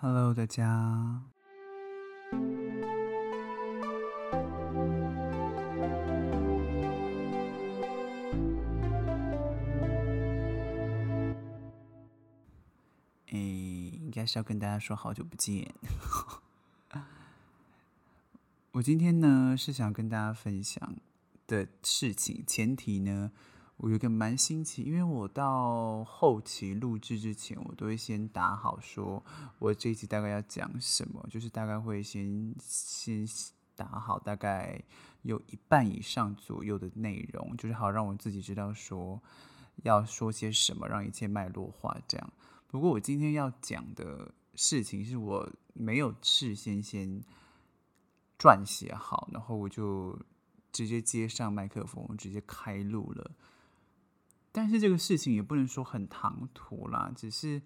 Hello，大家。誒、欸，應該是要跟大家說好久不見。 我今天呢，是想跟大家分享的事情，前提呢。我有個蠻新奇，因為我到後期錄製之前，我都會先打好，說我這一集大概要講什麼，就是大概會先先打好大概有一半以上左右的內容，就是好讓我自己知道說要說些什麼，讓一切脈絡化這樣。不過我今天要講的事情是我沒有事先先撰寫好，然後我就直接接上麥克風，我直接開錄了。但是這個事情也不能說很唐突啦，只是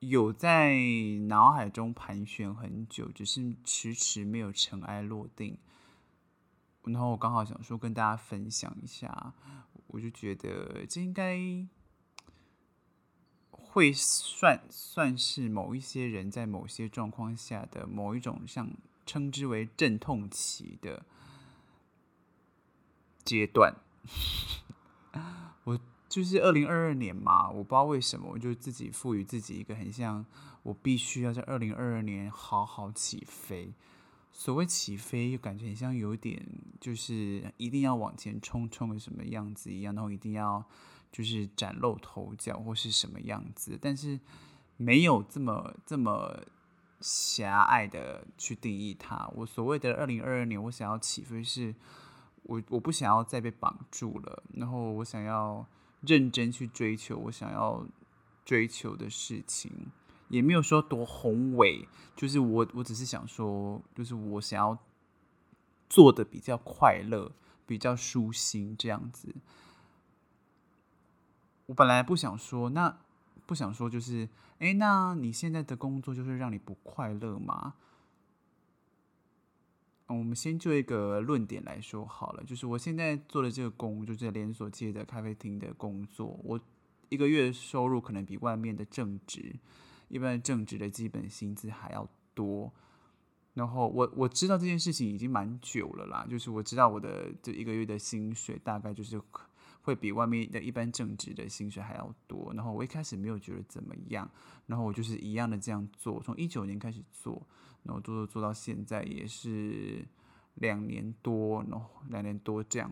有在腦海中盤旋很久，只是遲遲沒有塵埃落定。然後我剛好想說跟大家分享一下，我就覺得這應該會算算是某一些人在某些狀況下的某一種像稱之為陣痛期的階段。就是二零二二年嘛，我不知道為什麼，我就自己賦予自己一個很像我必須要在二零二二年好好起飛。所謂起飛，又感覺很像有點就是一定要往前衝，衝的什麼樣子一樣，然後一定要就是嶄露頭角或是什麼樣子。但是沒有這麼這麼狹隘的去定義它。我所謂的二零二二年，我想要起飛是，是我我不想要再被綁住了，然後我想要。認真去追求我想要追求的事情，也沒有說多宏偉，就是我，我只是想說，就是我想要做得比較快樂，比較舒心這樣子。我本來不想說，那不想說，就是，欸，那你現在的工作就是讓你不快樂嗎？我們先就一個論點來說好了，就是我現在做的這個工，就是連鎖界的咖啡廳的工作，我一個月收入可能比外面的正職，一般正職的基本薪資還要多。然後我我知道這件事情已經蠻久了啦，就是我知道我的這一個月的薪水大概就是。會比外面的一般正職的薪水還要多，然後我一開始沒有覺得怎麼樣，然後我就是一樣的這樣做，從一九年開始做，然後做做做到現在也是兩年多，然後兩年多這樣。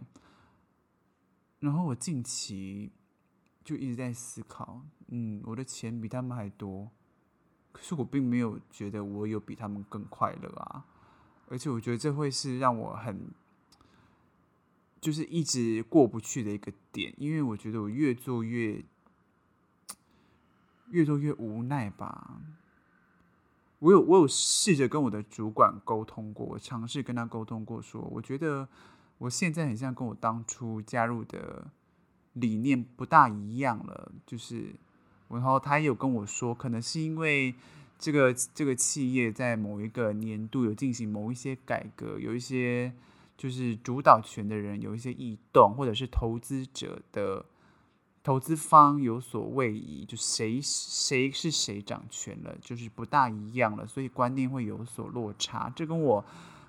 然後我近期就一直在思考，嗯，我的錢比他們還多，可是我並沒有覺得我有比他們更快樂啊，而且我覺得這會是讓我很。就是一直過不去的一個點，因為我覺得我越做越越做越無奈吧。我有我有試着跟我的主管溝通過，我嘗試跟他溝通過，說我覺得我現在很像跟我當初加入的理念不大一樣了。就是，然後他也有跟我說，可能是因為這個這個企業在某一個年度有進行某一些改革，有一些。就是主導權的人有一些異動，或者是投資者的投資方有所位移，就誰誰是誰掌權了，就是不大一樣了，所以觀念會有所落差。這跟我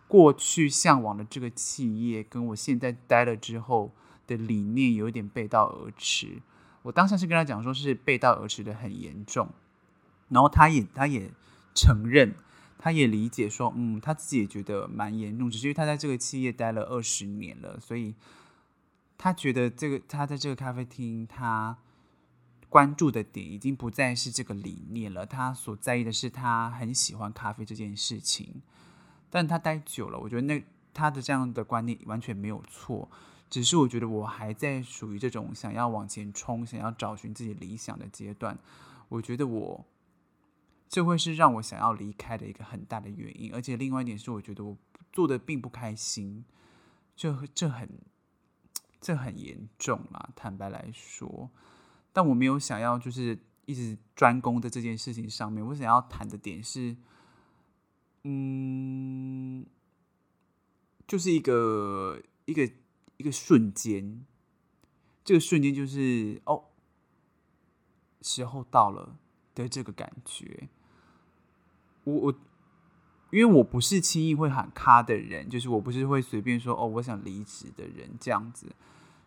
過去向往的這個企業，跟我現在待了之後的理念有一點背道而馳。我當下是跟他講說是背道而馳的很嚴重，然後他也他也承認。他也理解說，嗯，他自己也覺得蠻嚴重，只是因為，他在這個企業待了二十年了，所以他覺得這個他在這個咖啡廳，他關注的點已經不再是這個理念了，他所在意的是他很喜歡咖啡這件事情，但他待久了，我覺得那他的這樣的觀念完全沒有錯，只是我覺得我還在屬於這種想要往前衝，想要找尋自己理想的階段，我覺得我。這會是讓我想要離開的一個很大的原因，而且另外一點是，我覺得我做的並不開心，這這很這很嚴重啦，坦白來說，但我沒有想要就是一直專攻在這件事情上面。我想要談的點是，嗯，就是一個一個一個瞬間，這個瞬間就是哦，時候到了的這個感覺。我我，因為我不是輕易會喊卡的人，就是我不是會隨便說哦，我想離職的人這樣子。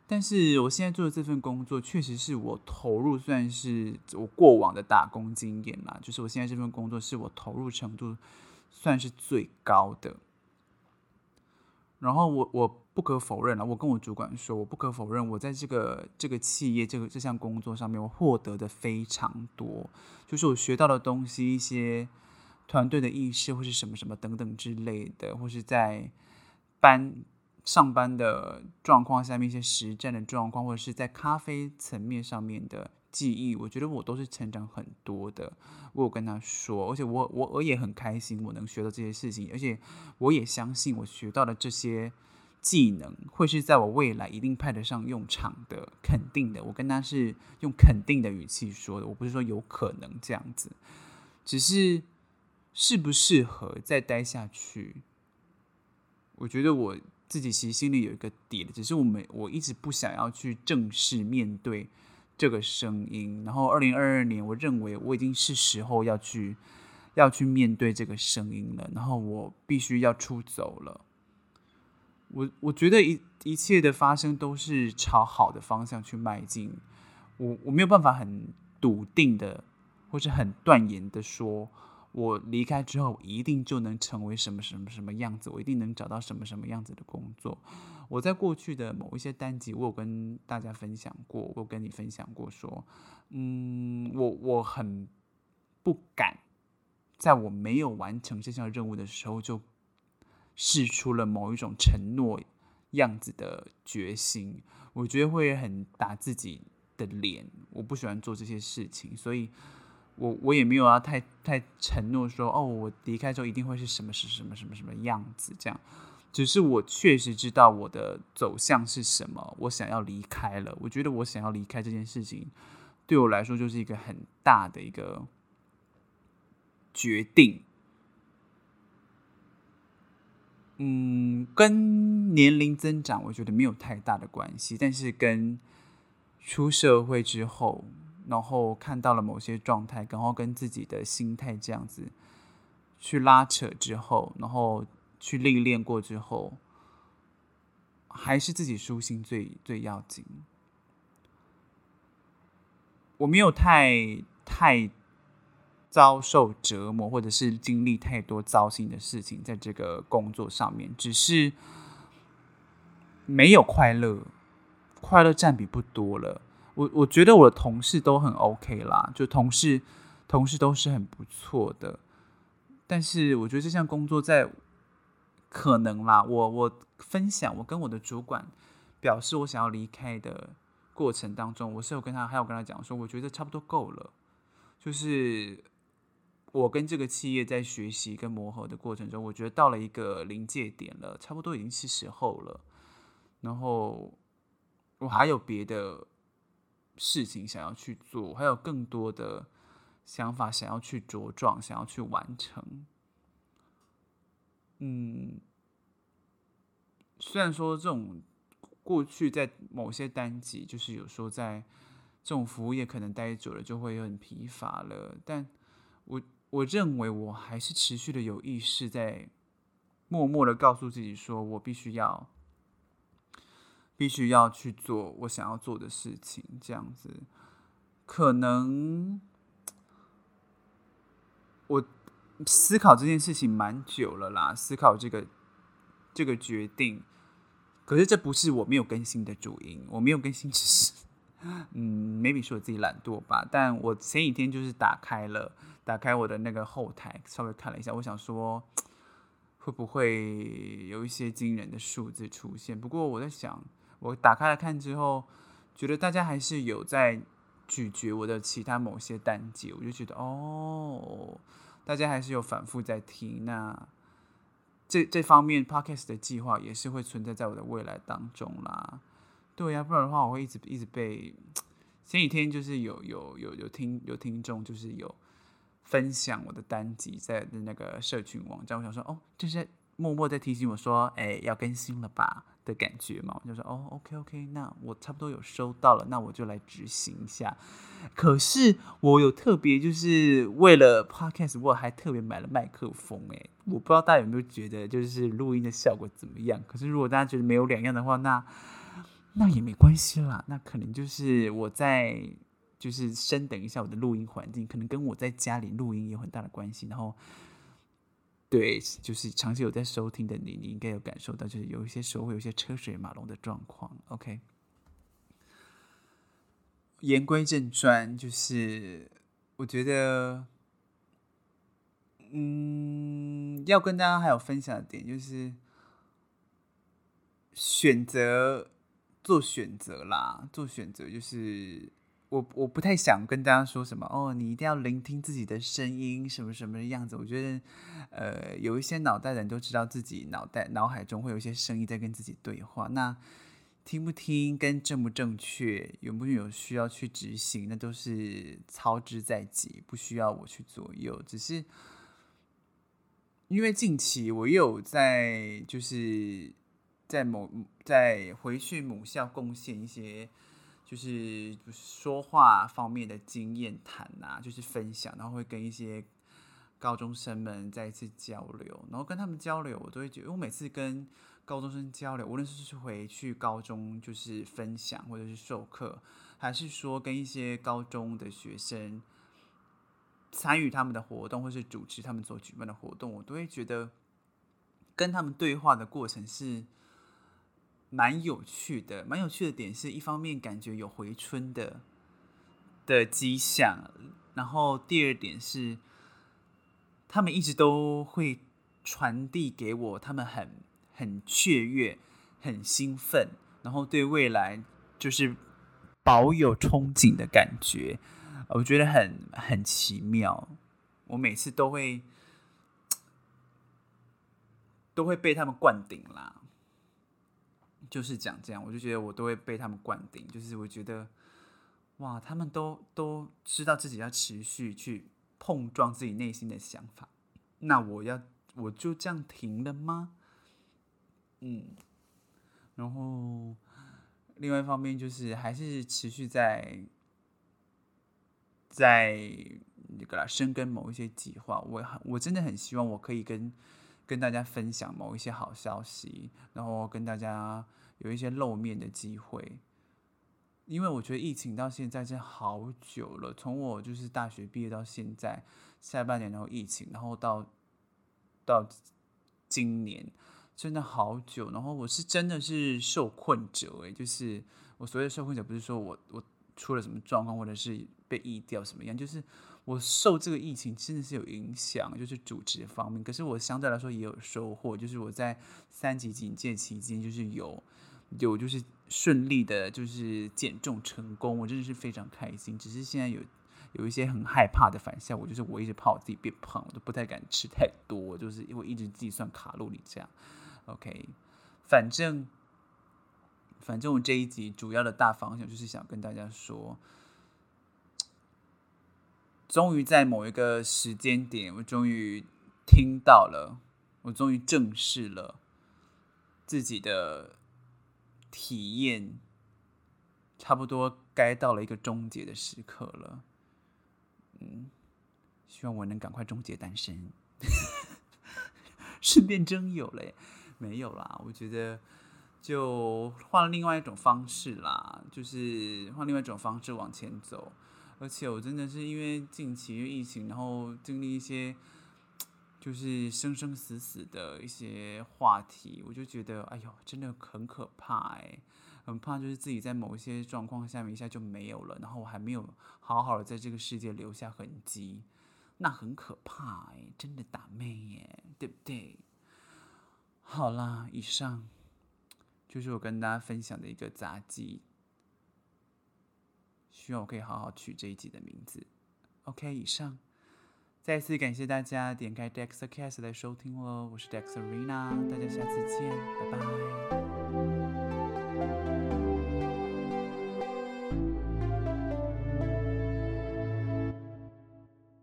但是我現在做的這份工作，確實是我投入算是我過往的打工經驗嘛，就是我現在這份工作是我投入程度算是最高的。然後我我不可否認了，我跟我主管說，我不可否認，我在這個這個企業這個這項工作上面，我獲得的非常多，就是我學到的東西一些。團隊的意識，或是什麼什麼等等之類的，或是在班上班的狀況下面一些實戰的狀況，或者是在咖啡層面上面的記憶，我覺得我都是成長很多的。我有跟他說，而且我我我也很開心，我能學到這些事情，而且我也相信我學到的這些技能會是在我未來一定派得上用場的，肯定的。我跟他是用肯定的語氣說的，我不是說有可能這樣子，只是。適不適合再待下去？我覺得我自己其實心裡有一個底了，只是我沒，我一直不想要去正式面對這個聲音。然後，二零二二年，我認為我已經是時候要去要去面對這個聲音了。然後，我必須要出走了。我我覺得一一切的發生都是朝好的方向去邁進。我我沒有辦法很篤定的或是很斷言的說。我離開之後，一定就能成為什麼什麼什麼樣子，我一定能找到什麼什麼樣子的工作。我在過去的某一些單集，我有跟大家分享過，我跟你分享過，說，嗯，我我很不敢，在我沒有完成這項任務的時候，就釋出了某一種承諾樣子的決心，我覺得會很打自己的臉。我不喜歡做這些事情，所以。我我也沒有啊，太太承諾說哦，我離開之後一定會是什麼是什麼什麼什麼樣子這樣。只是我確實知道我的走向是什麼，我想要離開了。我覺得我想要離開這件事情，對我來說就是一個很大的一個決定。嗯，跟年齡增長我覺得沒有太大的關係，但是跟出社會之後。然後看到了某些狀態，然後跟自己的心態這樣子去拉扯之後，然後去歷練過之後，還是自己舒心最最要緊。我沒有太，太遭受折磨，或者是經歷太多糟心的事情在這個工作上面，只是沒有快樂，快樂占比不多了。我我覺得我的同事都很 OK 啦，就同事同事都是很不錯的。但是我覺得這項工作在可能啦，我我分享，我跟我的主管表示我想要離開的過程當中，我是有跟他，還有跟他講說，我覺得差不多夠了。就是我跟這個企業在學習跟磨合的過程中，我覺得到了一個臨界點了，差不多已經是時候了。然後我還有別的。事情想要去做，還有更多的想法想要去茁壯，想要去完成。嗯，雖然說這種過去在某些單集，就是有時候在這種服務業可能待久了就會很疲乏了，但我我認為我還是持續的有意識在默默的告訴自己，說我必須要。必須要去做我想要做的事情，這樣子可能我思考這件事情蠻久了啦，思考這個這個決定。可是這不是我沒有更新的主因，我沒有更新，只是嗯，maybe 是我自己懶惰吧。但我前幾天就是打開了，打開我的那個後台，稍微看了一下，我想說會不會有一些驚人的數字出現？不過我在想。我打開了看之後，覺得大家還是有在咀嚼我的其他某些單集，我就覺得哦，大家還是有反覆在聽。那這這方面 Podcast 的計劃也是會存在在我的未來當中啦。對呀、啊，不然的話我會一直一直被。前幾天就是有有有有聽有聽眾就是有分享我的單集在那個社群網站，我想說哦，這、就是。默默在提醒我說：“哎、欸，要更新了吧？”的感覺嘛，我就說：“哦，OK，OK，OK, OK, 那我差不多有收到了，那我就來執行一下。可是我有特別，就是為了 Podcast，我還特別買了麥克風、欸。誒，我不知道大家有沒有覺得，就是錄音的效果怎麼樣？可是如果大家覺得沒有兩樣的話，那那也沒關係啦。那可能就是我在就是升等一下我的錄音環境，可能跟我在家裡錄音也有很大的關係。然後。對，就是長期有在收聽的你，你應該有感受到，就是有一些時候會有一些車水馬龍的狀況。OK，言歸正傳，就是我覺得，嗯，要跟大家還有分享的點，就是選擇，做選擇啦，做選擇就是。我我不太想跟大家說什麼哦，你一定要聆聽自己的聲音，什麼什麼的樣子。我覺得，呃，有一些腦袋的人都知道自己腦袋腦海中會有一些聲音在跟自己對話。那聽不聽跟正不正確，有沒有需要去執行，那都是操之在己，不需要我去左右。只是因為近期我又有在，就是在某在回去母校貢獻一些。就是說話方面的經驗談啊，就是分享，然後會跟一些高中生們再一次交流，然後跟他們交流，我都會覺得，我每次跟高中生交流，無論是是回去高中就是分享，或者是授課，還是說跟一些高中的學生參與他們的活動，或是主持他們所舉辦的活動，我都會覺得跟他們對話的過程是。蠻有趣的，蠻有趣的點是一方面感覺有回春的的跡象，然後第二點是他們一直都會傳遞給我，他們很很雀躍、很興奮，然後對未來就是保有憧憬的感覺，我覺得很很奇妙，我每次都會都會被他們灌頂啦。就是講這樣，我就覺得我都會被他們灌頂。就是我覺得，哇，他們都都知道自己要持續去碰撞自己內心的想法。那我要我就這樣停了嗎？嗯。然後，另外一方面就是還是持續在在那個啦，深耕某一些計劃。我我真的很希望我可以跟跟大家分享某一些好消息，然後跟大家，有一些露面的機會，因為我覺得疫情到現在真好久了。從我就是大學畢業到現在，下半年然後疫情，然後到到今年，真的好久。然後我是真的是受困者誒、欸，就是我所謂的受困者，不是說我我。出了什麼狀況，或者是被疫調什麼樣？就是我受這個疫情真的是有影響，就是主持方面。可是我相對來說也有收穫，就是我在三級警戒期間，就是有有就是順利的，就是減重成功，我真的是非常開心。只是現在有有一些很害怕的反效果，就是我一直怕我自己變胖，我都不太敢吃太多，就是因為一直自己算卡路里這樣。OK，反正。反正我這一集主要的大方向就是想跟大家說，終於在某一個時間點，我終於聽到了，我終於正視了自己的體驗，差不多該到了一個終結的時刻了。嗯，希望我能趕快終結單身，順 便徵友了耶，沒有啦，我覺得。就換另外一種方式啦，就是換另外一種方式往前走。而且我真的是因為近期因為疫情，然後經歷一些就是生生死死的一些話題，我就覺得哎呦，真的很可怕欸，很怕就是自己在某一些狀況下面一下就沒有了，然後我還沒有好好的在這個世界留下痕跡，那很可怕欸，真的打咩欸，對不對？好啦，以上。就是我跟大家分享的一個雜記，希望我可以好好取這一集的名字。OK，以上，再次感謝大家點開 Daxercast 來收聽哦，我是 Daxerina，大家下次見，拜拜。